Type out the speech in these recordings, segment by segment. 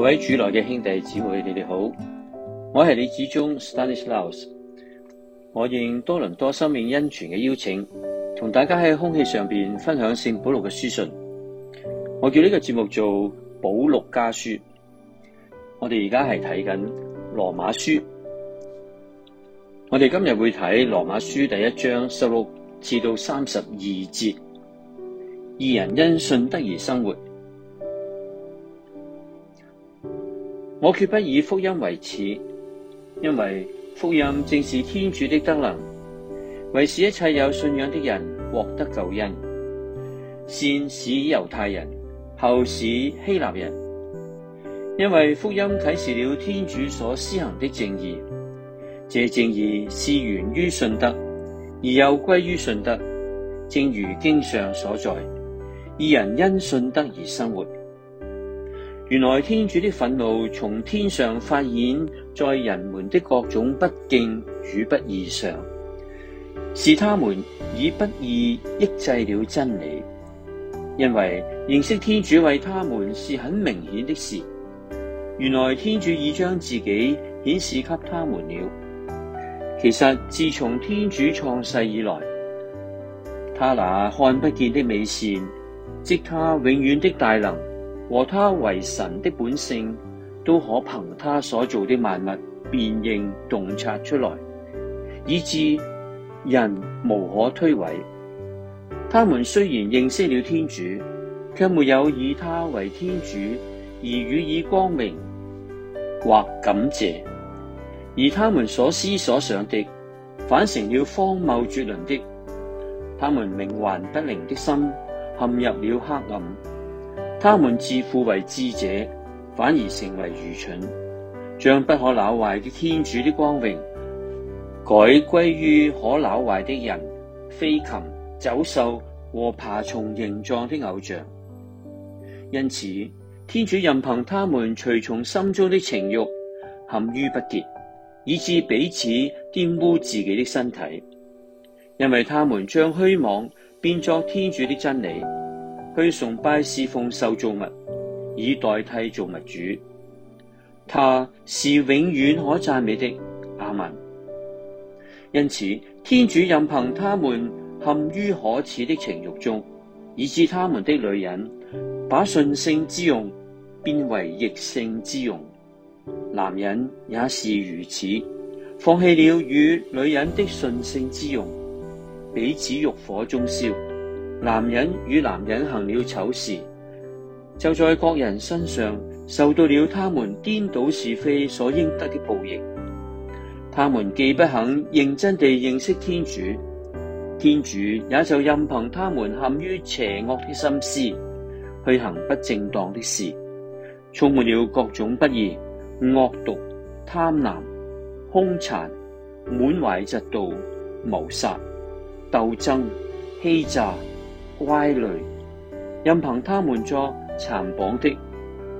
各位主內嘅兄弟姊妹，你哋好！我係李子忠 （Stanislaus），我應多倫多生命恩泉嘅邀請，同大家喺空氣上邊分享聖保祿嘅書信。我叫呢個節目做《保祿家書》。我哋而家係睇緊《羅馬書》，我哋今日會睇《羅馬書》第一章十六至到三十二節。義人因信德而生活。我決不以福音為恥，因為福音正是天主的德能，為使一切有信仰的人獲得救恩。先使猶太人，後使希臘人，因為福音啟示了天主所施行的正義，這正義是源於信德，而又歸於信德，正如經上所在，義人因信德而生活。原來天主的憤怒從天上發現在人們的各種不敬與不義上，是他們以不義抑制了真理。因為認識天主為他們是很明顯的事。原來天主已將自己顯示給他們了。其實自從天主創世以來，他那看不見的美善，即他永遠的大能，和他為神的本性，都可憑他所做的萬物辨認洞察出來，以致人無可推諉。他們雖然認識了天主，卻沒有以他為天主而予以光明或感謝，而他們所思所想的，反成了荒謬絕倫的。他們冥頑不靈的心，陷入了黑暗。他們自負為智者，反而成為愚蠢，將不可朽壞的天主的光榮，改歸於可朽壞的人、飛禽、走獸和爬蟲形狀的偶像。因此，天主任憑他們隨從心中的情欲，陷於不潔，以致彼此玷污自己的身體，因為他們將虛妄變作天主的真理。去崇拜侍奉受造物，以代替造物主。他是永遠可讚美的阿文。因此，天主任憑他們陷於可恥的情欲中，以致他們的女人把順性之用變為逆性之用，男人也是如此，放棄了與女人的順性之用，彼此欲火中燒。男人與男人行了醜事，就在各人身上受到了他們顛倒是非所應得的報應。他們既不肯認真地認識天主，天主也就任憑他們陷於邪惡的心思，去行不正當的事，充滿了各種不義、惡毒、貪婪、凶殘、滿懷嫉妒、謀殺、鬥爭、欺詐。乖戾，任憑他們作讒謗的、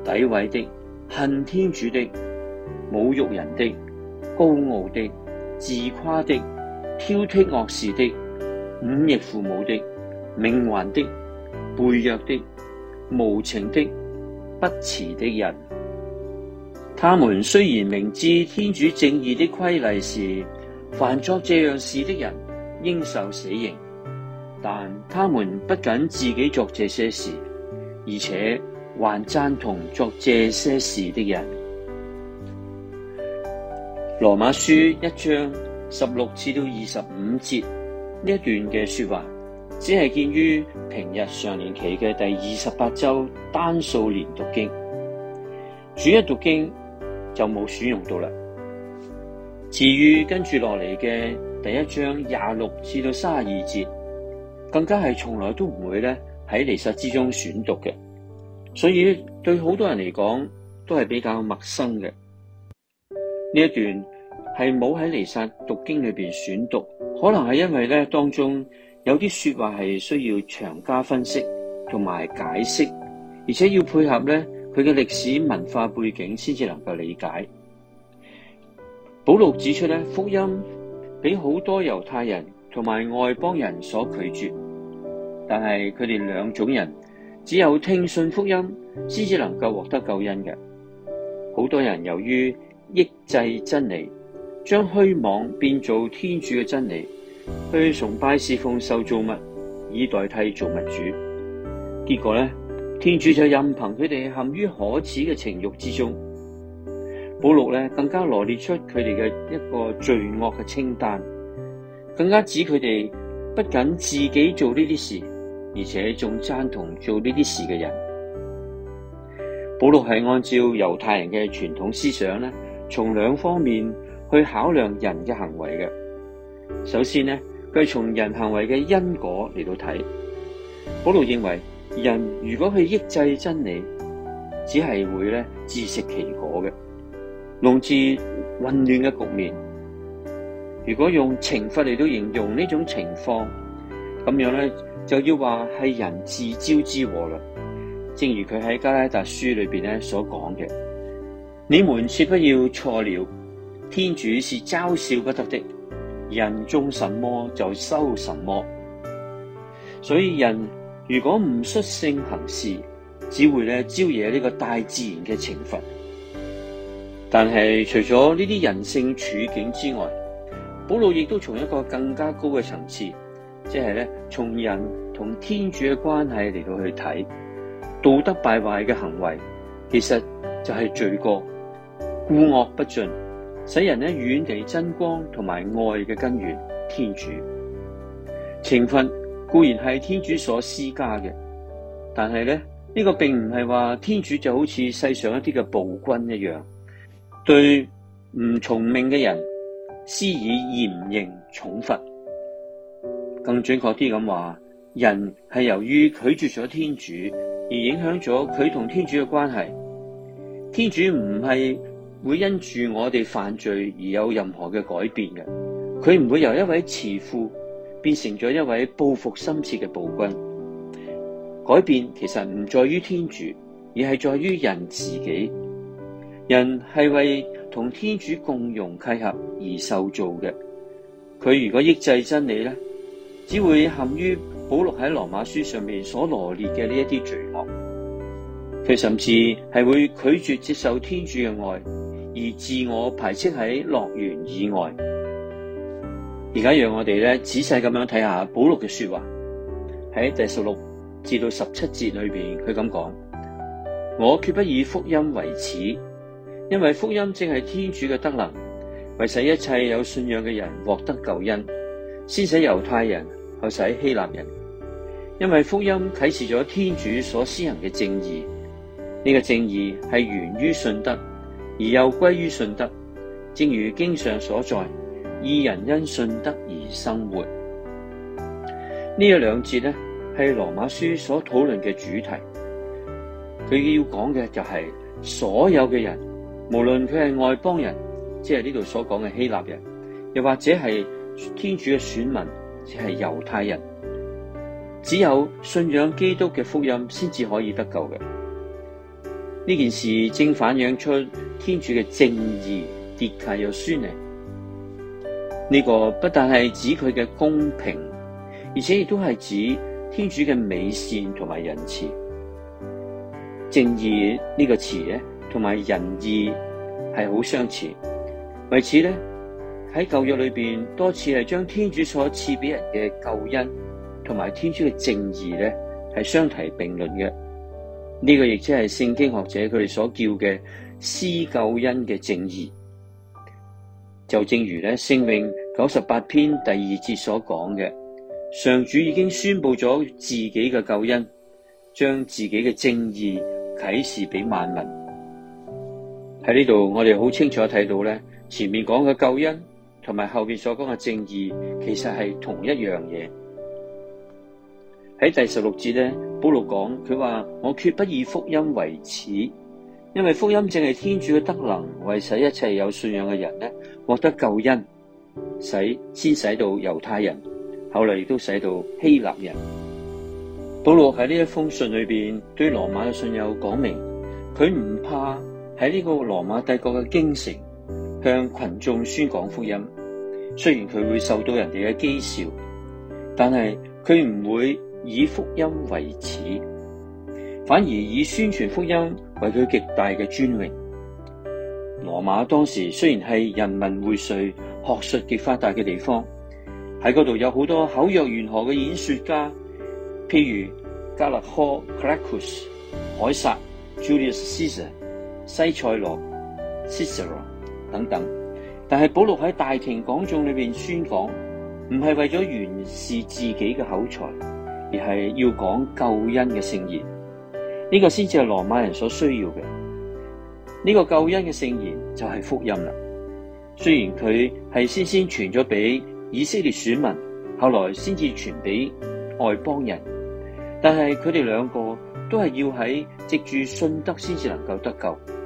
詆毀的、恨天主的、侮辱人的、高傲的、自誇的、挑剔惡事的、忤逆父母的、冥頑的、背約的、無情的、不慈的人。他們雖然明知天主正義的規例，是凡作這樣事的人應受死刑。但他們不僅自己作這些事，而且還贊同作這些事的人。羅馬書一章十六至到二十五節呢一段嘅說話，只係見於平日常年期嘅第二十八周單數年讀經，主一讀經就冇選用到啦。至於跟住落嚟嘅第一章廿六至到三十二節。更加係從來都唔會咧喺彌撒之中選讀嘅，所以對好多人嚟講都係比較陌生嘅。呢一段係冇喺彌撒讀經裏邊選讀，可能係因為咧當中有啲說話係需要長加分析同埋解釋，而且要配合咧佢嘅歷史文化背景先至能夠理解。保祿指出咧，福音俾好多猶太人。同埋外邦人所拒絕，但係佢哋兩種人只有聽信福音，先至能夠獲得救恩嘅。好多人由於抑制真理，將虛妄變做天主嘅真理，去崇拜侍奉受造物，以代替造物主。結果咧，天主就任憑佢哋陷於可恥嘅情欲之中。保禄咧，更加羅列出佢哋嘅一個罪惡嘅清單。更加指佢哋不僅自己做呢啲事，而且仲贊同做呢啲事嘅人。保羅係按照猶太人嘅傳統思想咧，從兩方面去考量人嘅行為嘅。首先咧，佢係從人行為嘅因果嚟到睇。保羅認為，人如果去抑制真理，只係會咧自食其果嘅，弄致混亂嘅局面。如果用懲罰嚟到形容呢種情況，咁樣咧就要話係人自招之禍啦。正如佢喺加拉達書裏邊咧所講嘅，你們切不要錯了，天主是嘲笑不得的，人中什麼就收什麼。所以人如果唔率性行事，只會咧招惹呢個大自然嘅懲罰。但係除咗呢啲人性處境之外，保祿亦都從一個更加高嘅層次，即係咧，從人同天主嘅關係嚟到去睇道德敗壞嘅行為，其實就係罪過，故惡不盡，使人咧遠離真光同埋愛嘅根源，天主。情分固然係天主所施加嘅，但係咧，呢個並唔係話天主就好似世上一啲嘅暴君一樣，對唔從命嘅人。施以嚴刑重罰，更準確啲咁話，人係由於拒絕咗天主，而影響咗佢同天主嘅關係。天主唔係會因住我哋犯罪而有任何嘅改變嘅，佢唔會由一位慈父變成咗一位報復深切嘅暴君。改變其實唔在於天主，而係在於人自己。人係為同天主共融契合而受造嘅，佢如果抑制真理咧，只會陷於保祿喺羅馬書上面所羅列嘅呢一啲罪惡。佢甚至係會拒絕接受天主嘅愛，而自我排斥喺樂園以外。而家讓我哋咧仔細咁樣睇下保祿嘅說話，喺第十六至到十七節裏邊，佢咁講：我決不以福音為恥。因為福音正係天主嘅德能，為使一切有信仰嘅人獲得救恩，先使猶太人，後使希臘人。因為福音啟示咗天主所施行嘅正義，呢個正義係源於信德，而又歸於信德。正如經上所在，義人因信德而生活。呢一兩節，呢，係羅馬書所討論嘅主題，佢要講嘅就係所有嘅人。無論佢係外邦人，即係呢度所講嘅希臘人，又或者係天主嘅選民，即係猶太人，只有信仰基督嘅福音先至可以得救嘅。呢件事正反映出天主嘅正義，跌下又酸呢？呢個不但係指佢嘅公平，而且亦都係指天主嘅美善同埋仁慈。正義呢個詞咧？同埋仁義係好相似，為此咧，喺舊約裏邊多次係將天主所賜俾人嘅救恩同埋天主嘅正義咧係相提並論嘅。呢、這個亦即係聖經學者佢哋所叫嘅施救恩嘅正義。就正如咧聖詠九十八篇第二節所講嘅，上主已經宣布咗自己嘅救恩，將自己嘅正義啟示俾萬民。喺呢度，我哋好清楚睇到咧，前面講嘅救恩同埋後邊所講嘅正義，其實係同一樣嘢。喺第十六節咧，保羅講佢話：我決不以福音為恥，因為福音正係天主嘅德能，為使一切有信仰嘅人咧，獲得救恩，使先使到猶太人，後來亦都使到希臘人。保羅喺呢一封信裏邊，對羅馬嘅信友講明，佢唔怕。喺呢個羅馬帝國嘅京城，向群眾宣講福音。雖然佢會受到人哋嘅譏笑，但係佢唔會以福音為恥，反而以宣傳福音為佢極大嘅尊榮。羅馬當時雖然係人民匯萃、學術極發達嘅地方，喺嗰度有好多口若懸河嘅演說家，譬如加勒柯 （Gracchus）、凱撒 （Julius Caesar）。西塞羅、西塞羅等等，但係保祿喺大庭廣眾裏邊宣講，唔係為咗展示自己嘅口才，而係要講救恩嘅聖言。呢個先至係羅馬人所需要嘅。呢個救恩嘅聖言就係福音啦。雖然佢係先先傳咗俾以色列選民，後來先至傳俾外邦人，但係佢哋兩個都係要喺藉住信德先至能夠得救。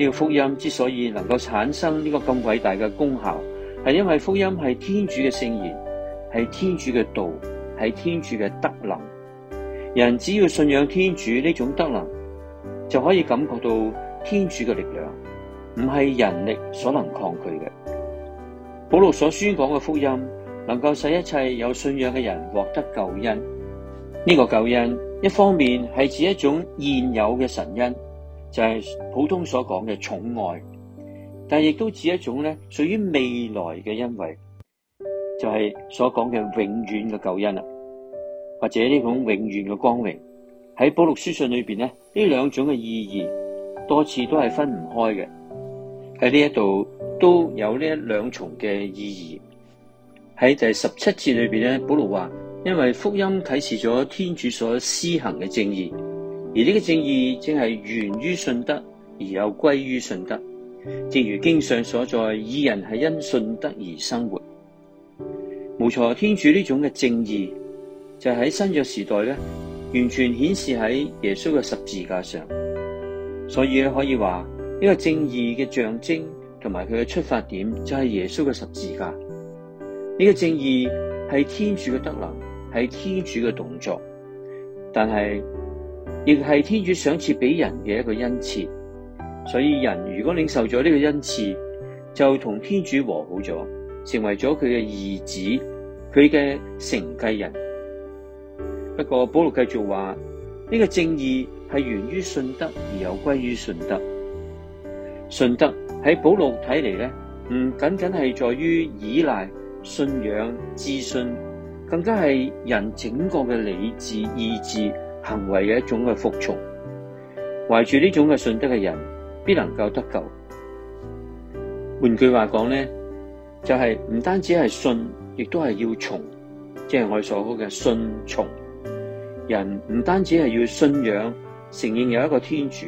呢個福音之所以能夠產生呢個咁偉大嘅功效，係因為福音係天主嘅聖言，係天主嘅道，係天主嘅德能。人只要信仰天主呢種德能，就可以感覺到天主嘅力量，唔係人力所能抗拒嘅。保祿所宣講嘅福音，能夠使一切有信仰嘅人獲得救恩。呢、這個救恩一方面係指一種現有嘅神恩。就係普通所講嘅寵愛，但亦都指一種咧，屬於未來嘅恩惠，就係、是、所講嘅永遠嘅救恩啦，或者呢種永遠嘅光榮。喺保祿書信裏邊咧，呢兩種嘅意義多次都係分唔開嘅。喺呢一度都有呢一兩重嘅意義。喺第十七節裏邊咧，保祿話：，因為福音啟示咗天主所施行嘅正義。而呢個正義正係源於信德，而又歸於信德。正如經上所在，義人係因信德而生活。冇錯，天主呢種嘅正義就喺新約時代咧，完全顯示喺耶穌嘅十字架上。所以咧，可以話呢、這個正義嘅象徵同埋佢嘅出發點就係耶穌嘅十字架。呢、這個正義係天主嘅德能，係天主嘅動作，但係。亦係天主賞賜俾人嘅一個恩賜，所以人如果領受咗呢個恩賜，就同天主和好咗，成為咗佢嘅兒子、佢嘅承繼人。不過保祿繼續話：呢個正義係源於信德，而有歸於信德。信德喺保祿睇嚟咧，唔僅僅係在於依賴、信仰、自信，更加係人整個嘅理智、意志。行為嘅一種嘅服從，懷住呢種嘅信德嘅人，必能夠得救。換句話講咧，就係唔單止係信，亦都係要從，即係我所講嘅信從。人唔單止係要信仰，承認有一個天主，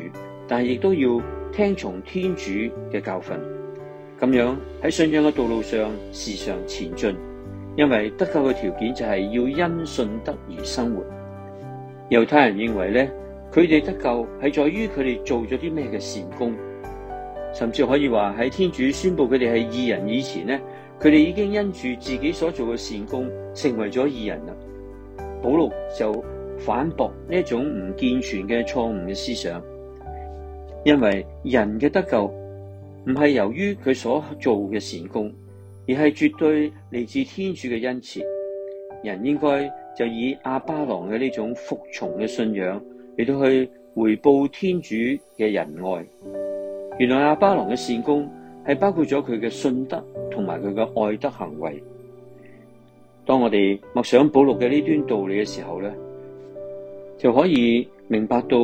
但係亦都要聽從天主嘅教訓。咁樣喺信仰嘅道路上時常前進，因為得救嘅條件就係要因信德而生活。猶太人認為咧，佢哋得救係在於佢哋做咗啲咩嘅善功，甚至可以話喺天主宣布佢哋係義人以前咧，佢哋已經因住自己所做嘅善功成為咗義人啦。保祿就反駁呢一種唔健全嘅錯誤嘅思想，因為人嘅得救唔係由於佢所做嘅善功，而係絕對嚟自天主嘅恩賜，人應該。就以阿巴郎嘅呢種服從嘅信仰嚟到去回報天主嘅仁愛。原來阿巴郎嘅善功係包括咗佢嘅信德同埋佢嘅愛德行為。當我哋默想保祿嘅呢端道理嘅時候咧，就可以明白到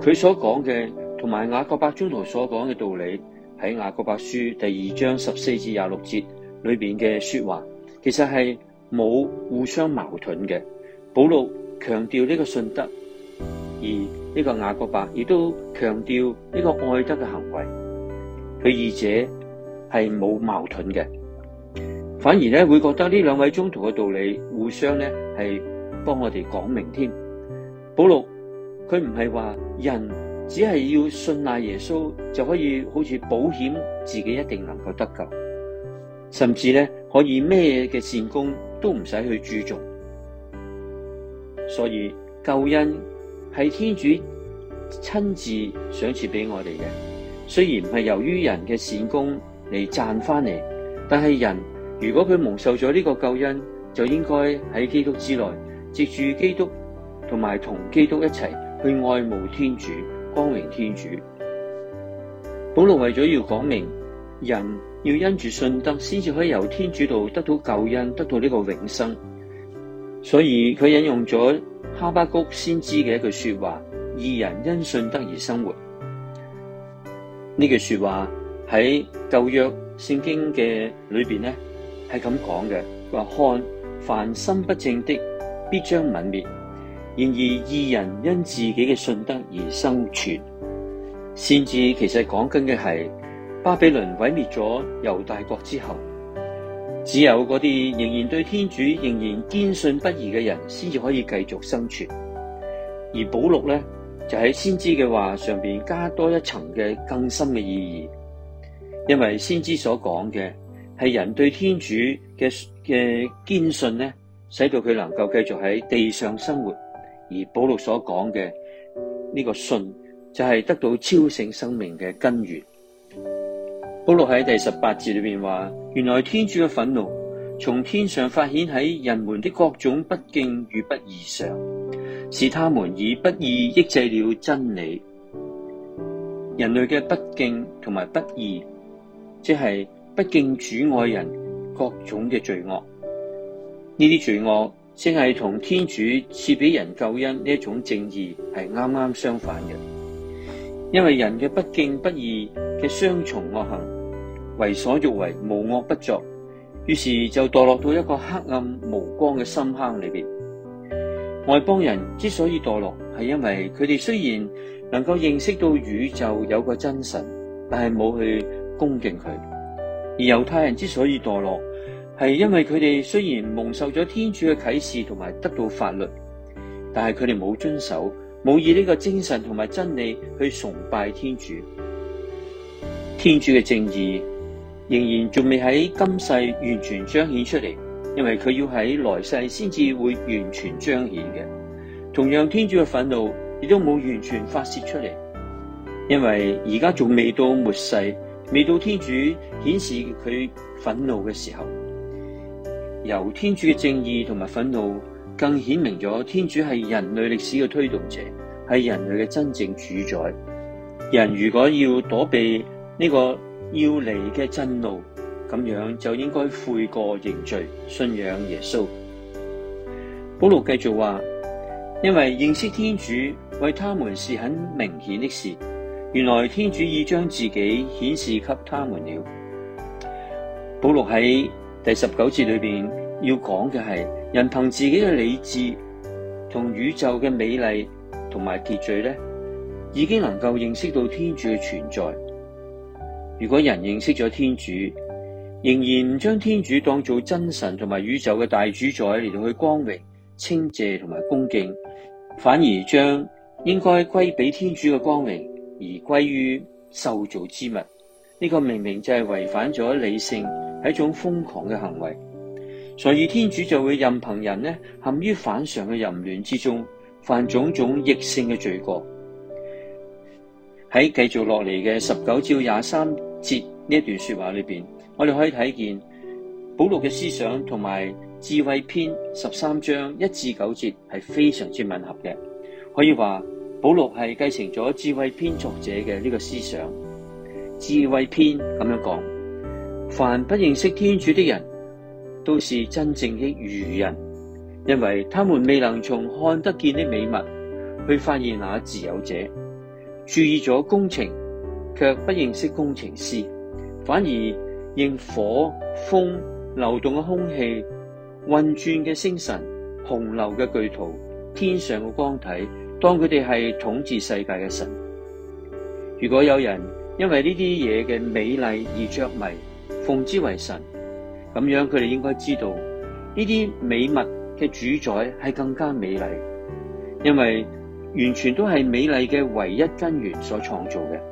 佢所講嘅同埋雅各伯宗徒所講嘅道理喺雅各伯書第二章十四至廿六節裏邊嘅說話，其實係。冇互相矛盾嘅。保祿強調呢個信德，而呢個雅各伯亦都強調呢個愛德嘅行為，佢二者係冇矛盾嘅，反而咧會覺得呢兩位宗徒嘅道理互相咧係幫我哋講明添。保祿佢唔係話人只係要信賴耶穌就可以好似保險自己一定能夠得救，甚至咧可以咩嘅善功。都唔使去注重，所以救恩係天主親自賞賜俾我哋嘅。雖然唔係由於人嘅善功嚟賺翻嚟，但係人如果佢蒙受咗呢個救恩，就應該喺基督之內，藉住基督同埋同基督一齊去愛慕天主、光榮天主。保羅為咗要講明人。要因住信德，先至可以由天主道得到救恩，得到呢個永生。所以佢引用咗哈巴谷先知嘅一句說話：二人因信德而生活。呢句說話喺舊約聖經嘅裏邊咧係咁講嘅，話看凡心不正的必將泯滅；然而二人因自己嘅信德而生存。先知其實講緊嘅係。巴比倫毀滅咗猶大國之後，只有嗰啲仍然對天主仍然堅信不疑嘅人，先至可以繼續生存。而保祿咧就喺先知嘅話上邊加多一層嘅更深嘅意義，因為先知所講嘅係人對天主嘅嘅堅信咧，使到佢能夠繼續喺地上生活。而保祿所講嘅呢個信就係得到超性生命嘅根源。保祿喺第十八節裏面話：原來天主嘅憤怒從天上發顯喺人們的各種不敬與不義上，是他們以不義抑制了真理。人類嘅不敬同埋不義，即係不敬主愛人各種嘅罪惡。呢啲罪惡正係同天主賜俾人救恩呢一種正義係啱啱相反嘅，因為人嘅不敬不義嘅雙重惡行，為所欲為，無惡不作，於是就墮落到一個黑暗無光嘅深坑裏邊。外邦人之所以墮落，係因為佢哋雖然能夠認識到宇宙有個真神，但係冇去恭敬佢；而猶太人之所以墮落，係因為佢哋雖然蒙受咗天主嘅啟示同埋得到法律，但係佢哋冇遵守，冇以呢個精神同埋真理去崇拜天主。天主嘅正義仍然仲未喺今世完全彰顯出嚟，因為佢要喺來世先至會完全彰顯嘅。同樣，天主嘅憤怒亦都冇完全發洩出嚟，因為而家仲未到末世，未到天主顯示佢憤怒嘅時候。由天主嘅正義同埋憤怒，更顯明咗天主係人類歷史嘅推動者，係人類嘅真正主宰。人如果要躲避呢個，要嚟嘅震怒，咁樣就應該悔過認罪，信仰耶穌。保祿繼續話，因為認識天主為他們是很明顯的事，原來天主已將自己顯示給他們了。保祿喺第十九節裏邊要講嘅係，人憑自己嘅理智同宇宙嘅美麗同埋秩序咧，已經能夠認識到天主嘅存在。如果人認識咗天主，仍然唔將天主當做真神同埋宇宙嘅大主宰嚟到去光榮、稱謝同埋恭敬，反而將應該歸俾天主嘅光榮而歸於受造之物，呢個明明就係違反咗理性，係一種瘋狂嘅行為。所以天主就會任憑人呢，陷於反常嘅淫亂之中，犯種種逆性嘅罪過。喺繼續落嚟嘅十九至廿三。節呢一段說話裏邊，我哋可以睇見保祿嘅思想同埋智慧篇十三章一至九節係非常之吻合嘅，可以話保祿係繼承咗智慧篇作者嘅呢個思想。智慧篇咁樣講，凡不認識天主的人，都是真正嘅愚人，因為他們未能從看得見的美物去發現那自有者，注意咗工程，卻不認識工程師，反而認火、風、流動嘅空氣、運轉嘅星辰、洪流嘅巨圖、天上嘅光體，當佢哋係統治世界嘅神。如果有人因為呢啲嘢嘅美麗而着迷，奉之為神，咁樣佢哋應該知道呢啲美物嘅主宰係更加美麗，因為完全都係美麗嘅唯一根源所創造嘅。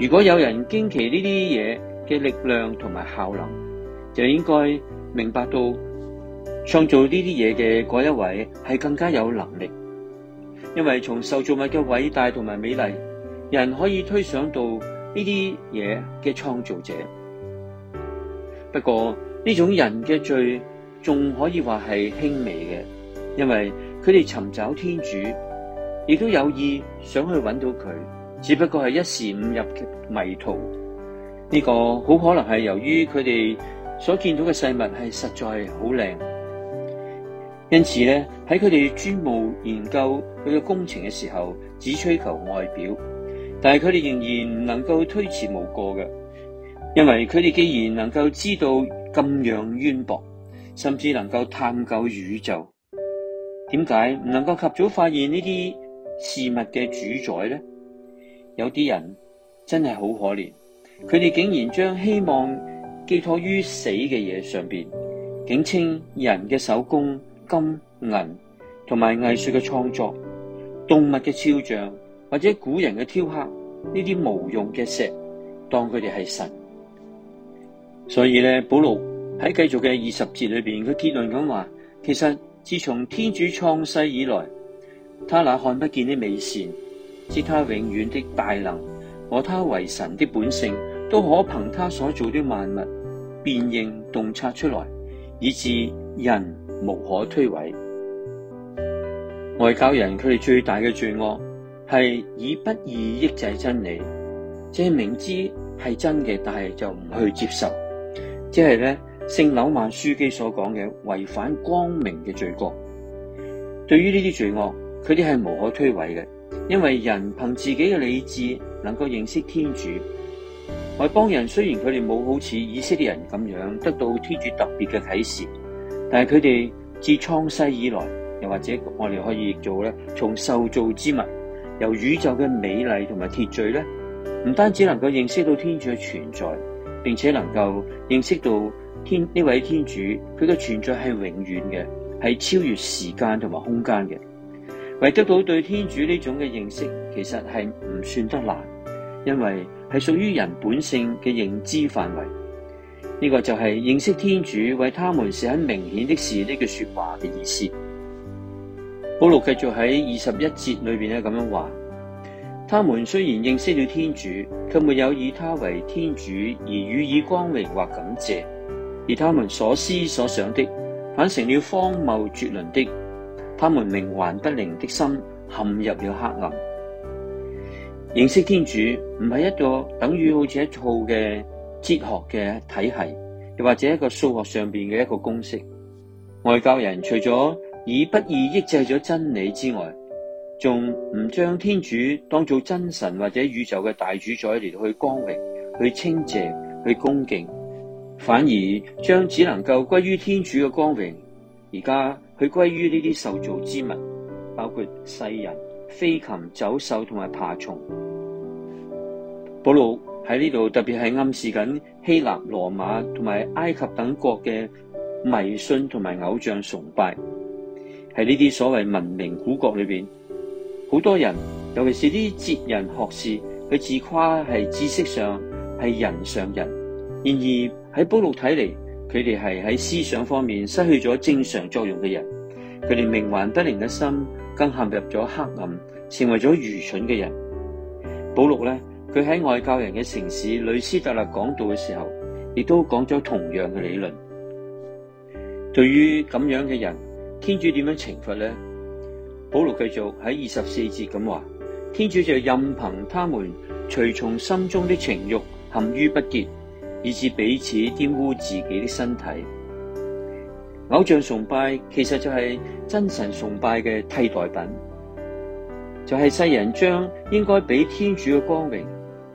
如果有人驚奇呢啲嘢嘅力量同埋效能，就應該明白到創造呢啲嘢嘅嗰一位係更加有能力，因為從受造物嘅偉大同埋美麗，人可以推想到呢啲嘢嘅創造者。不過呢種人嘅罪仲可以話係輕微嘅，因為佢哋尋找天主，亦都有意想去揾到佢。只不過係一時誤入嘅迷途，呢、呢個好可能係由於佢哋所見到嘅事物係實在係好靚，因此咧，喺佢哋專務研究佢嘅工程嘅時候，只追求外表，但係佢哋仍然唔能夠推遲無過嘅，因為佢哋既然能夠知道咁樣淵博，甚至能夠探究宇宙，點解唔能夠及早發現呢啲事物嘅主宰咧？有啲人真係好可憐，佢哋竟然將希望寄託於死嘅嘢上邊，竟稱人嘅手工、金銀同埋藝術嘅創作、動物嘅肖像或者古人嘅雕刻呢啲無用嘅石當佢哋係神。所以咧，保羅喺繼續嘅二十節裏邊，佢結論咁話：其實自從天主創世以來，他那看不見啲美善。知他永遠的大能和他為神的本性，都可憑他所做的萬物辨認洞察出來，以致人無可推諉。外教人佢哋最大嘅罪惡係以不義抑制真理，即係明知係真嘅，但係就唔去接受，即係咧聖紐曼樞機所講嘅違反光明嘅罪，罪惡。對於呢啲罪惡，佢哋係無可推諉嘅。因為人憑自己嘅理智能夠認識天主，外邦人雖然佢哋冇好似以色列人咁樣得到天主特別嘅啟示，但係佢哋自創世以來，又或者我哋可以做咧，從受造之物，由宇宙嘅美麗同埋秩序咧，唔單止能夠認識到天主嘅存在，並且能夠認識到天呢位天主佢嘅存在係永遠嘅，係超越時間同埋空間嘅。為得到對天主呢種嘅認識，其實係唔算得難，因為係屬於人本性嘅認知範圍。呢、這個就係認識天主為他們是很明顯的事，呢句說話嘅意思。保禄繼續喺二十一節裏邊咧咁樣話：他們雖然認識了天主，卻沒有以他為天主而予以光榮或感謝，而他們所思所想的，反成了荒謬絕倫的。他們冥頑不靈的心陷入咗黑暗。認識天主唔係一個等於好似一套嘅哲學嘅體系，又或者一個數學上邊嘅一個公式。外教人除咗以不義抑制咗真理之外，仲唔將天主當做真神或者宇宙嘅大主宰嚟去光榮、去稱謝、去恭敬，反而將只能夠歸於天主嘅光榮，而家，佢歸於呢啲受造之物，包括世人、飛禽、走獸同埋爬蟲。保羅喺呢度特別係暗示緊希臘、羅馬同埋埃及等國嘅迷信同埋偶像崇拜，喺呢啲所謂文明古國裏邊，好多人，尤其是啲哲人學士，佢自誇係知識上係人上人，然而喺保羅睇嚟，佢哋係喺思想方面失去咗正常作用嘅人，佢哋冥頑不靈嘅心更陷入咗黑暗，成為咗愚蠢嘅人。保禄呢，佢喺外教人嘅城市呂斯特勒講道嘅時候，亦都講咗同樣嘅理論。對於咁樣嘅人，天主點樣懲罰呢？保禄繼續喺二十四節咁話：，天主就任憑他們隨從心中的情欲，陷於不潔。以致彼此玷污自己的身體，偶像崇拜其實就係真神崇拜嘅替代品，就係、是、世人將應該俾天主嘅光榮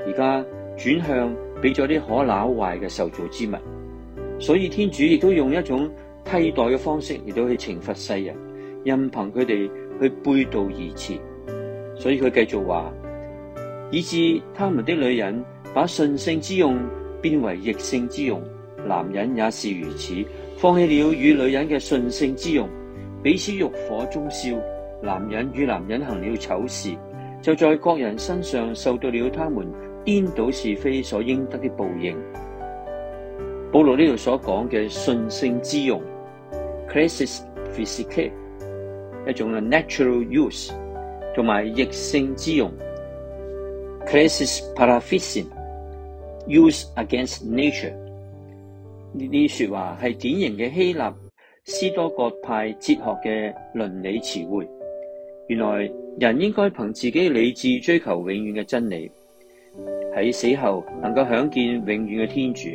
而家轉向俾咗啲可朽壞嘅受造之物，所以天主亦都用一種替代嘅方式嚟到去懲罰世人，任憑佢哋去背道而馳，所以佢繼續話，以致他們的女人把順性之用，變為逆性之用，男人也是如此，放棄了與女人嘅順性之用，彼此欲火中燒。男人與男人行了醜事，就在各人身上受到了他們顛倒是非所應得的報應。保羅呢度所講嘅順性之用 crisis physique） 一種係 natural use，同埋逆性之用 crisis paraphysic）。Use against nature 呢啲說話係典型嘅希臘斯多葛派哲學嘅倫理詞彙。原來人應該憑自己理智追求永遠嘅真理，喺死後能夠享見永遠嘅天主。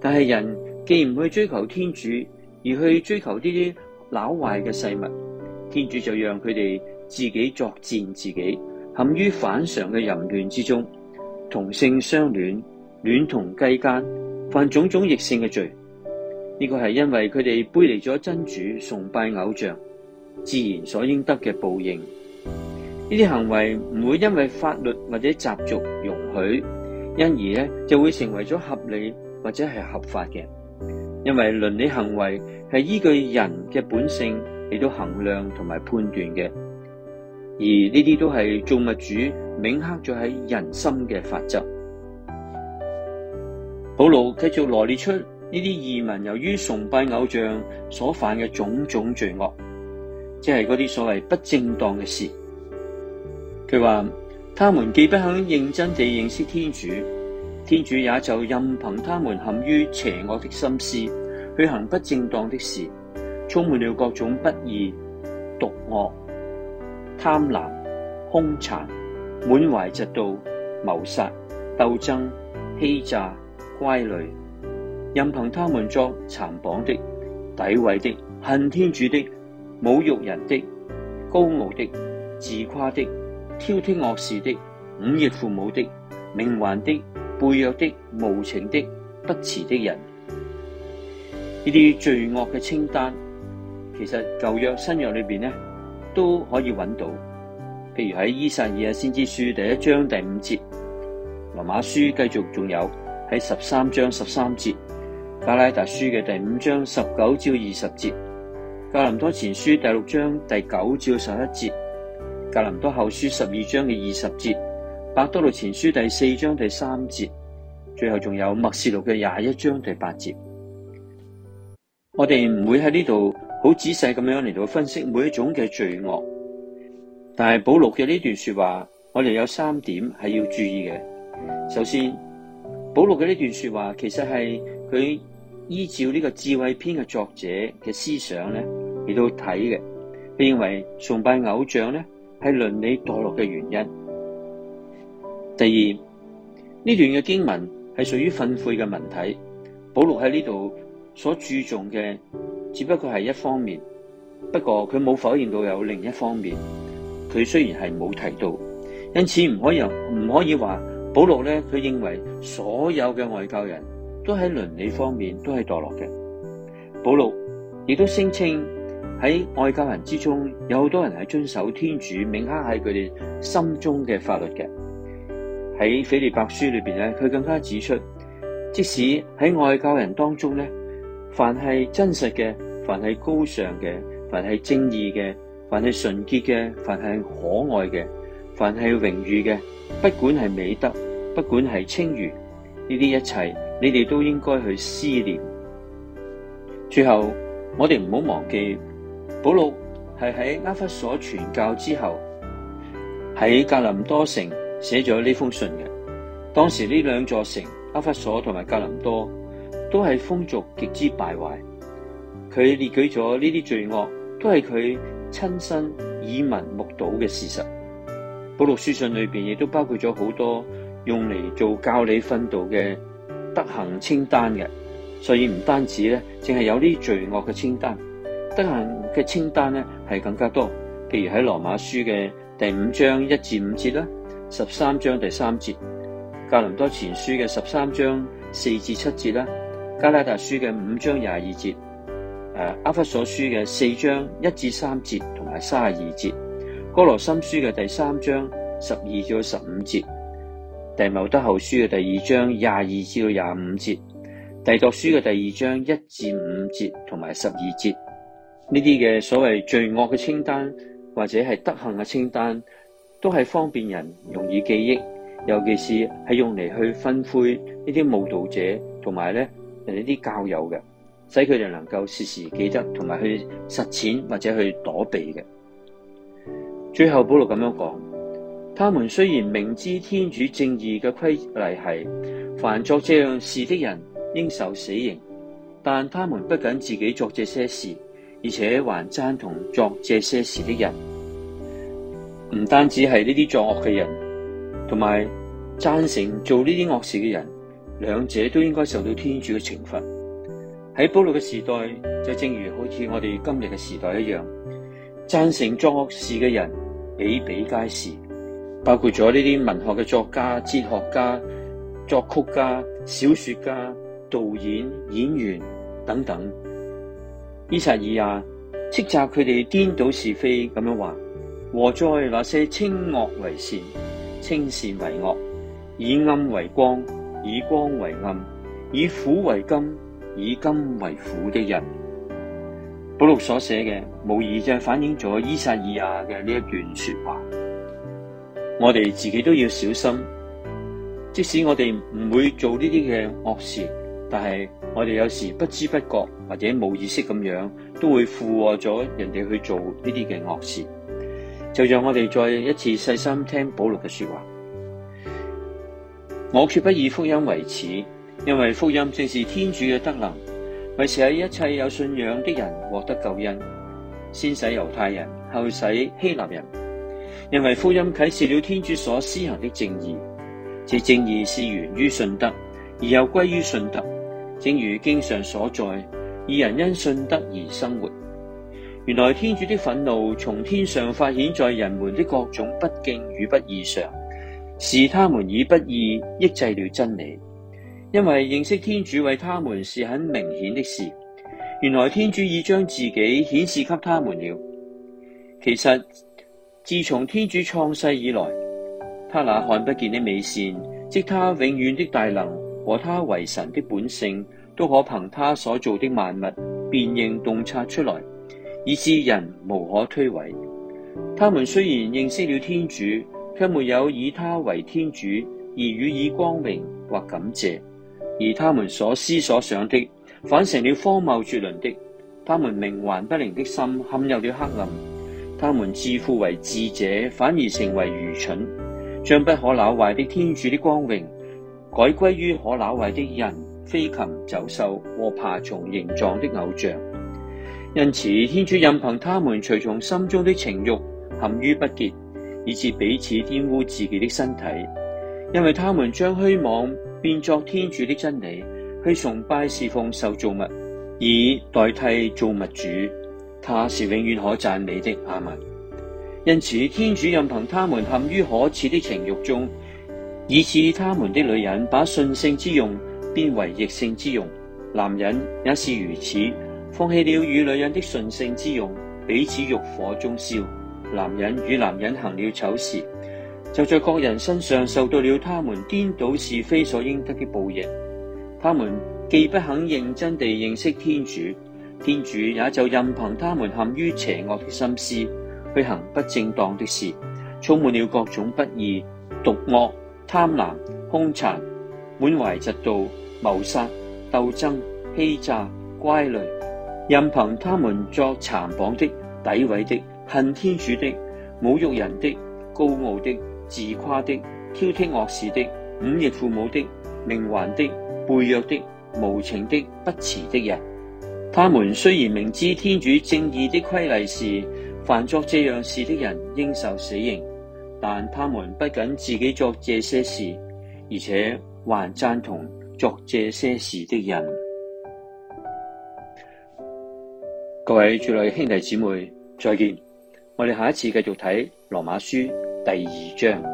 但係人既唔去追求天主，而去追求呢啲老壞嘅事物，天主就讓佢哋自己作賤自己，陷於反常嘅淫亂之中，同性相戀，戀同雞姦，犯種種逆性嘅罪，呢個係因為佢哋背離咗真主，崇拜偶像，自然所應得嘅報應。呢啲行為唔會因為法律或者習俗容許，因而呢就會成為咗合理或者係合法嘅。因為倫理行為係依據人嘅本性嚟到衡量同埋判斷嘅，而呢啲都係造物主銘刻咗喺人心嘅法則。保羅繼續羅列出呢啲移民由於崇拜偶像所犯嘅種種罪惡，即係嗰啲所謂不正當嘅事。佢話：他們既不肯認真地認識天主，天主也就任憑他們陷於邪惡的心思，去行不正當的事，充滿了各種不義、毒惡、貪婪、凶殘、滿懷嫉妒、謀殺、鬥爭、欺詐。乖類，任憑他們作殘綁的、詆毀的、恨天主的、侮辱人的、高傲的、自誇的、挑剔惡事的、忤逆父母的、命頑的、背約的、無情的、不慈的人。呢啲罪惡嘅清單，其實舊約、新約裏邊呢都可以揾到。譬如喺《依撒意亞先知書》第一章第五節，《羅馬書》繼續仲有。喺十三章十三節，加拉達書嘅第五章十九至二十節，格林多前書第六章第九至十一節，格林多後書十二章嘅二十節，伯多禄前書第四章第三節，最後仲有默示錄嘅廿一章第八節。我哋唔會喺呢度好仔細咁樣嚟到分析每一種嘅罪惡，但係保禄嘅呢段說話，我哋有三點係要注意嘅。首先，保祿嘅呢段說話，其實係佢依照呢個智慧篇嘅作者嘅思想咧，嚟到睇嘅。佢認為崇拜偶像咧，係倫理墮落嘅原因。第二，呢段嘅經文係屬於訓誨嘅文體，保祿喺呢度所注重嘅只不過係一方面，不過佢冇否認到有另一方面，佢雖然係冇提到，因此唔可以，又唔可以話。保祿咧，佢認為所有嘅外教人都喺倫理方面都係墮落嘅。保祿亦都聲稱喺外教人之中，有好多人係遵守天主銘刻喺佢哋心中嘅法律嘅。喺斐理伯書裏邊咧，佢更加指出，即使喺外教人當中咧，凡係真實嘅，凡係高尚嘅，凡係正義嘅，凡係純潔嘅，凡係可愛嘅。凡係榮譽嘅，不管係美德，不管係清譽，呢啲一切，你哋都應該去思念。最後，我哋唔好忘記，保祿係喺阿弗所傳教之後，喺格林多城寫咗呢封信嘅。當時呢兩座城，阿弗所同埋格林多，都係風俗極之敗壞。佢列舉咗呢啲罪惡，都係佢親身耳聞目睹嘅事實。保祿書信裏邊亦都包括咗好多用嚟做教理訓導嘅德行清單嘅，所以唔單止咧，淨係有啲罪惡嘅清單，德行嘅清單咧係更加多。譬如喺羅馬書嘅第五章一至五節啦，十三章第三節；格林多前書嘅十三章四至七節啦，加拉達書嘅五章廿二節，誒，阿弗所書嘅四章一至三節同埋卅二節。《哥羅森書》嘅第三章十二至到十五節，《弟茂德後書》嘅第二章廿二至到廿五節，《弟鐸書》嘅第二章一至五節同埋十二節，呢啲嘅所謂罪惡嘅清單或者係德行嘅清單，都係方便人容易記憶，尤其是係用嚟去分灰呢啲誤導者同埋咧人哋啲教友嘅，使佢哋能夠時時記得同埋去實踐或者去躲避嘅。最後保羅咁樣講：他們雖然明知天主正義嘅規例係，凡作這樣事的人應受死刑，但他們不僅自己作這些事，而且還贊同作這些事的人。唔單止係呢啲作惡嘅人，同埋贊成做呢啲惡事嘅人，兩者都應該受到天主嘅懲罰。喺保羅嘅時代，就正如好似我哋今日嘅時代一樣，贊成作惡事嘅人。比比皆是，包括咗呢啲文學嘅作家、哲學家、作曲家、小說家、導演、演員等等。以薩以亞斥責佢哋顛倒是非，咁樣話：禍哉那些稱惡為善、稱善為惡、以暗為光、以光為暗、以苦為甘、以甘為苦的人。保禄所寫嘅，無疑就反映咗伊薩爾亞嘅呢一段說話。我哋自己都要小心，即使我哋唔會做呢啲嘅惡事，但係我哋有時不知不覺或者冇意識咁樣，都會附和咗人哋去做呢啲嘅惡事。就讓我哋再一次細心聽保禄嘅說話。我決不以福音為恥，因為福音正是天主嘅德能。為使一切有信仰的人獲得救恩，先使猶太人，後使希臘人，因為福音啟示了天主所施行的正義，這正義是源於信德，而又歸於信德，正如經上所在，二人因信德而生活。原來天主的憤怒從天上發顯在人們的各種不敬與不義上，是他們以不義抑制了真理。因為認識天主為他們是很明顯的事，原來天主已將自己顯示給他們了。其實自從天主創世以來，他那看不見的美善，即他永遠的大能和他為神的本性，都可憑他所做的萬物辨認洞察出來，以致人無可推諉。他們雖然認識了天主，卻沒有以他為天主而予以光榮，或感謝。而他們所思所想的，反成了荒謬絕倫的；他們冥頑不靈的心，陷入了黑暗；他們自負為智者，反而成為愚蠢，將不可朽壞的天主的光榮，改歸於可朽壞的人、飛禽、走獸和爬蟲形狀的偶像。因此，天主任憑他們隨從心中的情欲，陷於不潔，以致彼此玷污自己的身體，因為他們將虛妄。變作天主的真理，去崇拜侍奉受造物，以代替造物主。他是永遠可讚美的阿們。因此，天主任憑他們陷於可恥的情欲中，以致他們的女人把順性之用變為逆性之用，男人也是如此，放棄了與女人的順性之用，彼此欲火中燒。男人與男人行了醜事。就在各人身上受到了他們顛倒是非所應得的報應。他們既不肯認真地認識天主，天主也就任憑他們陷於邪惡的心思，去行不正當的事，充滿了各種不義、毒惡、貪婪、凶殘、滿懷嫉妒、謀殺、鬥爭、欺詐、乖戾，任憑他們作殘暴的、詆毀的、恨天主的、侮辱人的、高傲的。自誇的、挑剔惡事的、忤逆父母的、冥頑的、背約的、無情的、不慈的人，他們雖然明知天主正義的規例是凡作這樣事的人應受死刑，但他們不僅自己作這些事，而且還讚同作這些事的人。各位主內兄弟姊妹，再見！我哋下一次繼續睇羅馬書。第二章。